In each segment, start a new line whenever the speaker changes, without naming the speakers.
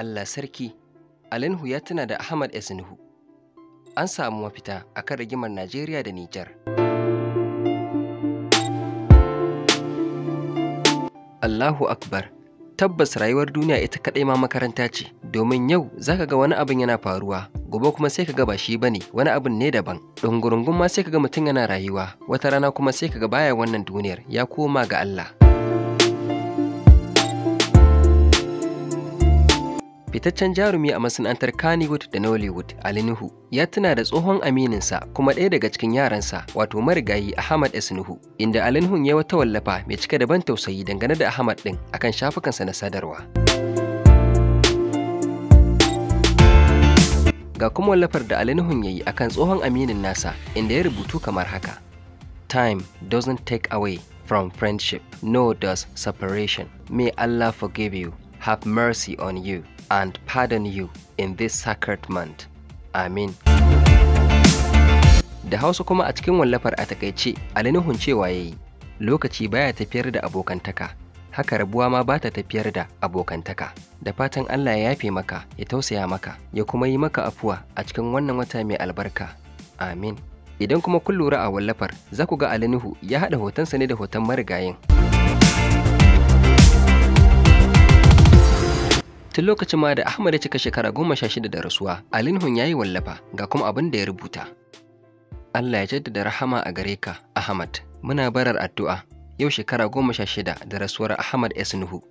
Allah sarki Alinhu ya tuna da Ahmad Esinhu. An samu mafita a kan rigimar Najeriya da Nijar. Allahu Akbar tabbas rayuwar duniya ita kaɗai ma makaranta ce domin yau za ka ga wani abin yana faruwa gobe kuma sai ka ga ba shi bane wani abin ne daban Ɗungurungun ma sai ka ga mutum yana rayuwa wata rana kuma sai ka ga baya wannan duniyar ya koma ga Allah Fitaccen jarumi a masana'antar Kannywood da Nollywood, Ali Nuhu, ya tuna da tsohon amininsa kuma ɗaya daga cikin yaransa wato marigayi Ahmad S. Nuhu, inda Ali Nuhun ya wata wallafa mai cike da ban tausayi dangane da Ahmad ɗin akan shafukansa na sadarwa. Ga kuma wallafar da Ali Nuhun ya yi akan tsohon aminin nasa inda ya rubutu kamar haka. Time doesn't take away from friendship, no does separation. May Allah forgive you. have mercy on you and pardon you in this sacred month. Amin. Da Hausa kuma a cikin wallafar a takaice, alinihun cewa ya yi, lokaci baya tafiyar da abokantaka, haka rabuwa ma ba ta tafiyar da abokantaka. Da fatan Allah ya yafe maka, ya tausaya maka, ya kuma yi maka afuwa a cikin wannan wata mai albarka. Amin. Idan kuma kun lura a wallafar, za ku ga Alinuhu ya haɗa hotonsa ne da hoton marigayin. tun lokacin ma da Ahmad ya cika shekara goma sha shida da rasuwa Alinhun ya yi wallafa ga kuma abin da ya rubuta Allah ya jaddada rahama a gare ka Ahmad muna barar addu'a yau shekara goma sha shida da rasuwar Ahmad S. Nuhu.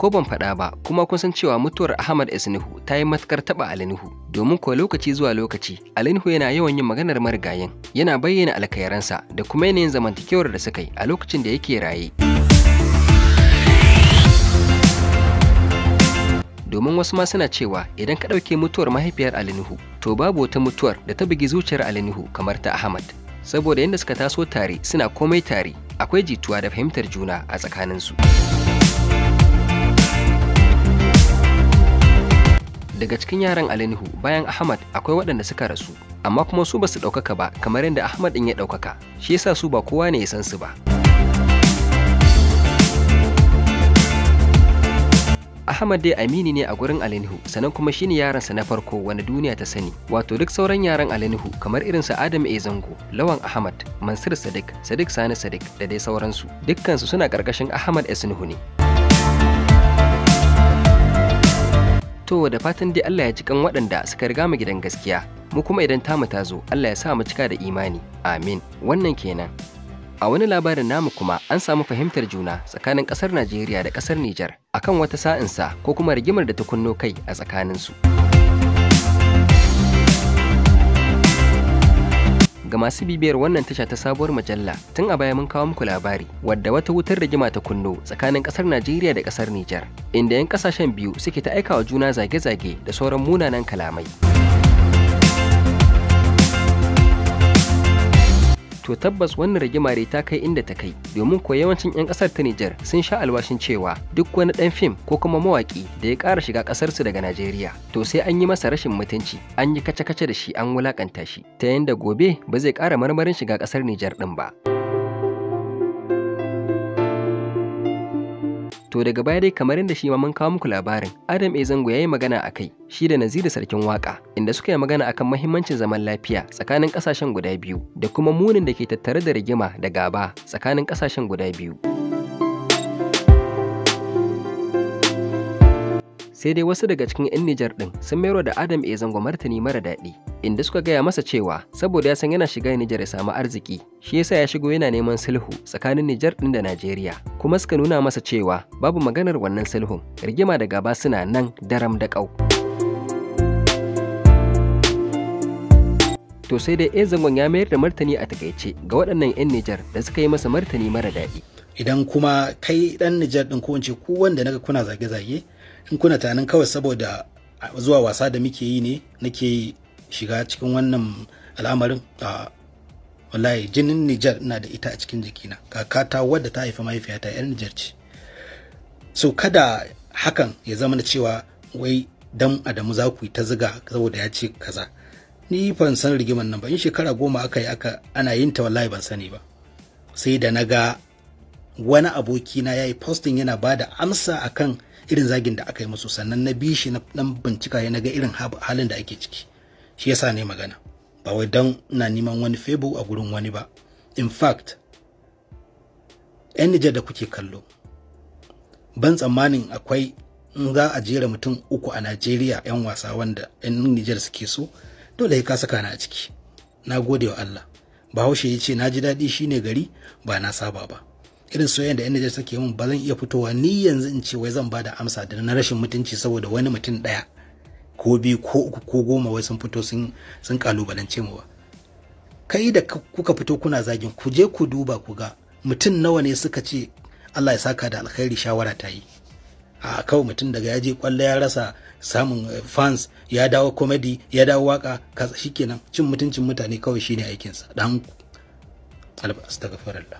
ko ban faɗa ba kuma kun san cewa mutuwar Ahmad S. Nuhu ta yi matukar taɓa Ali Nuhu domin ko lokaci zuwa lokaci Ali Nuhu yana yawan yin maganar marigayin yana bayyana alkayaransa da kuma yanayin zamantakewar da suka yi a lokacin da yake raye. domin wasu ma suna cewa idan ka ɗauke mutuwar mahaifiyar Alinuhu to babu wata mutuwar da ta bugi zuciyar Alinuhu kamar ta Ahmad saboda yadda suka taso tare suna komai tare akwai jituwa da fahimtar juna a tsakaninsu. Daga cikin yaran Alinuhu bayan Ahmad akwai waɗanda suka rasu amma kuma su basu ɗaukaka ba kamar yadda Ahmad ɗin ya ɗaukaka shi yasa su ba kowa ne ya san su ba. Ahmad dai amini ne a gurin Nuhu, sanan kuma shine yaransa na farko wanda duniya ta sani wato duk sauran yaran Nuhu kamar irin sa Adam A Zango, Lawan Ahmad, Mansur Sadiq, Sadiq Sani Sadiq da dai sauransu dukkansu suna karkashin Ahmad S Nuhu ne. To da fatan dai Allah ya ji kan waɗanda suka riga mu gidan gaskiya mu kuma idan tamu ta zo Allah ya sa mu cika da imani amin wannan kenan A wani labarin namu kuma an samu fahimtar juna tsakanin ƙasar Najeriya da ƙasar Nijar akan wata sa'insa ko kuma rigimar da ta kunno kai a tsakaninsu. Ga masu bibiyar wannan tasha ta sabuwar Majalla, tun a baya mun kawo muku labari wadda wata wutar rigima ta kunno tsakanin ƙasar Najeriya da ƙasar Nijar inda 'yan ƙasashen biyu suke ta aika juna zage-zage da sauran munanan kalamai. to tabbas wannan rigima ta kai inda ta kai domin ko yawancin 'yan kasar ta Nijar sun sha alwashin cewa duk wani ɗan fim ko kuma mawaƙi da ya ƙara shiga kasar su daga Najeriya to sai an yi masa rashin mutunci an yi kace-kace da shi an wulaƙanta shi ta yanda gobe ba zai ƙara marmarin shiga ƙasar Nijar ɗin ba. To daga baya dai kamar yadda shi ma mun kawo muku labarin, Adam A Zango ya yi magana a kai, shi da Naziru sarkin waka, inda suka yi magana akan mahimmancin zaman lafiya tsakanin ƙasashen guda biyu da kuma munin da ke tattare da rigima da gaba tsakanin ƙasashen guda biyu. sai dai wasu daga cikin 'yan Nijar ɗin sun mayar da Adam e zango martani mara daɗi inda suka gaya masa cewa saboda ya san yana shiga Nijar ya samu arziki shi yasa ya shigo yana neman sulhu tsakanin Nijar ɗin da Najeriya kuma suka nuna masa cewa babu maganar wannan sulhun rigima da gaba suna nan daram da ƙau. to sai dai e zangon ya mayar da martani a takaice ga waɗannan 'yan Nijar da suka yi masa martani mara daɗi. Idan kuma kai
ɗan Nijar ɗin ko wanda naga kuna zage-zage in kuna tunanin kawai saboda zuwa wasa da muke yi ne nake shiga cikin wannan al'amarin a wallahi jinin Nijar ina da ita a cikin jikina kakata wadda ta haifi mahaifiyata yar Nijar ce so kada hakan ya zama na cewa wai dan Adamu za ku yi ta ziga saboda ya ce kaza ni ban san rigiman nan ba in shekara goma aka yi aka ana yin ta wallahi ban sani ba sai da na ga wani abokina ya yi posting yana ba da amsa akan irin zagin da aka yi musu sannan na bi shi na dan bincika ya naga irin halin da ake ciki shi yasa ne magana ba wai dan ina neman wani febu a gurin wani ba in fact yan Nijar da kuke kallo ban tsammanin akwai in za a jera mutum uku a Najeriya yan wasa wanda yan Nijar suke so dole ka saka na a ciki na gode wa Allah bahaushe ya ce na ji daɗi shine gari ba na saba ba irin soyayyen da yan Nijar suke mun ba zan iya fitowa ni yanzu in ce wai zan ba da amsa da na rashin mutunci saboda wani mutum ɗaya ko biyu ko uku ko goma wai sun fito sun sun kalubalance mu ba kai da kuka fito kuna zagin ku je ku duba ku ga mutum nawa ne suka ce Allah ya saka da alkhairi shawara ta yi a kawai mutum daga ya je kwallo ya rasa samun eh, fans ya dawo komedi ya dawo waka kasa shikenan cin mutuncin mutane kawai shine aikinsa dan
astagfirullah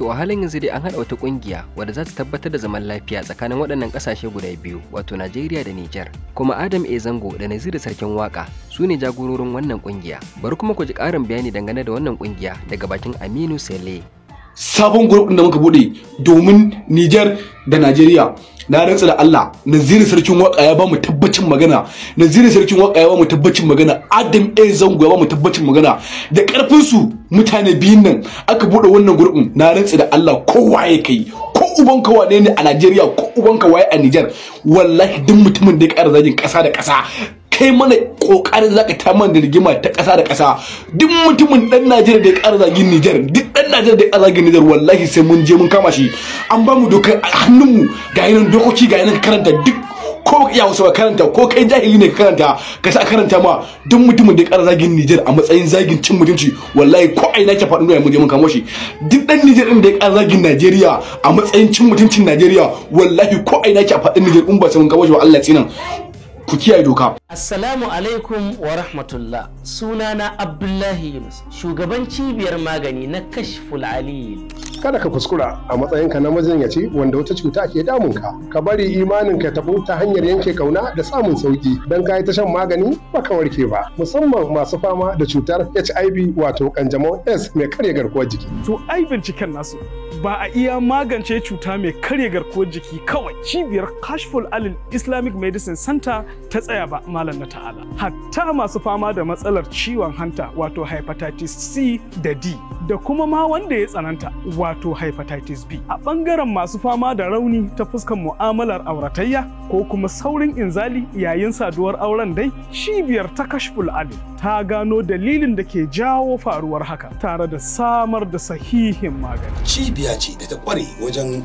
To a halin yanzu dai an haɗa wata ƙungiya wadda za ta tabbatar da zaman lafiya tsakanin waɗannan ƙasashe guda biyu wato Najeriya da Nijar. Kuma Adam A Zango da Naziru Sarkin waƙa su ne jagororin wannan ƙungiya. Bari kuma ku ji ƙarin bayani dangane da wannan ƙungiya daga bakin Aminu Sele.
sabon group da muka bude domin Niger da Najeriya na rantsa da Allah Naziri sarkin waka ya ba mu tabbacin magana Naziri sarkin waka ya ba mu tabbacin magana Adam A Zango ya ba mu tabbacin magana da karfin su mutane biyun nan aka bude wannan gurbin na rantsa da Allah kowa ya kai ko ubanka wane ne a Najeriya ko ubanka waye a Niger wallahi duk mutumin da ya kara zagin kasa da kasa kai mana kokarin zaka ta man da ta kasa da kasa duk mutumin dan Najeriya da ya ƙara zagin Niger duk dan Najeriya da ya ƙara zagin Niger wallahi sai mun je mun kama shi an ba mu dokar hannun mu ga yanan dokoki ga yanan karanta duk ko ya wasu karanta ko kai jahili ne ka karanta ka sa karanta ma duk mutumin da ya ƙara zagin Niger a matsayin zagin cin mutunci wallahi ko aina ke faɗin ya mun je mun kama shi duk dan Niger din da ya ƙara zagin Najeriya a matsayin cin mutuncin Najeriya wallahi ko ina ke faɗin Niger in ba sai mun kama shi ba Allah tsinan ku kiyaye doka
Assalamu alaikum wa rahmatullah sunana Abdullahi Yunus shugaban cibiyar magani na kashful aliyu. Kada ka kuskura a matsayinka na majinyaci wanda wata cuta ke damunka. Ka bari imanin ka taɓo ta hanyar yanke kauna da samun sauki don ka yi ta shan magani baka warke ba. Musamman masu fama da cutar HIV wato kanjamau S mai karya garkuwar jiki. To ai binciken nasu
ba a iya magance cuta mai karya garkuwar jiki kawai cibiyar kashful alil Islamic Medicine Center ta tsaya ba. malam na ta'ala hatta masu fama da matsalar ciwon hanta wato hepatitis C da D da kuma ma wanda ya tsananta wato hepatitis B a bangaren masu fama da rauni ta fuskan mu'amalar auratayya ko kuma saurin inzali yayin saduwar auren dai cibiyar ta kashful ali ta gano dalilin da ke jawo faruwar haka tare da samar da sahihin magani cibiya ce da ta kware wajen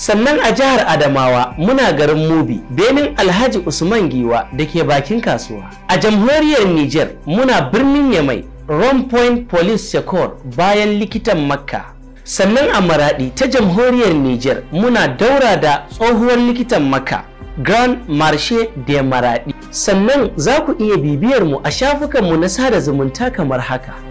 sannan a jihar adamawa muna garin mubi benin alhaji usman giwa da ke bakin kasuwa a jamhuriyar niger muna birnin yamai point police secor bayan likitan makka sannan a maradi ta jamhuriyar niger muna daura da tsohuwar likitan makka grand marche de maradi sannan za ku iya bibiyar mu a shafukanmu na sada zumunta kamar haka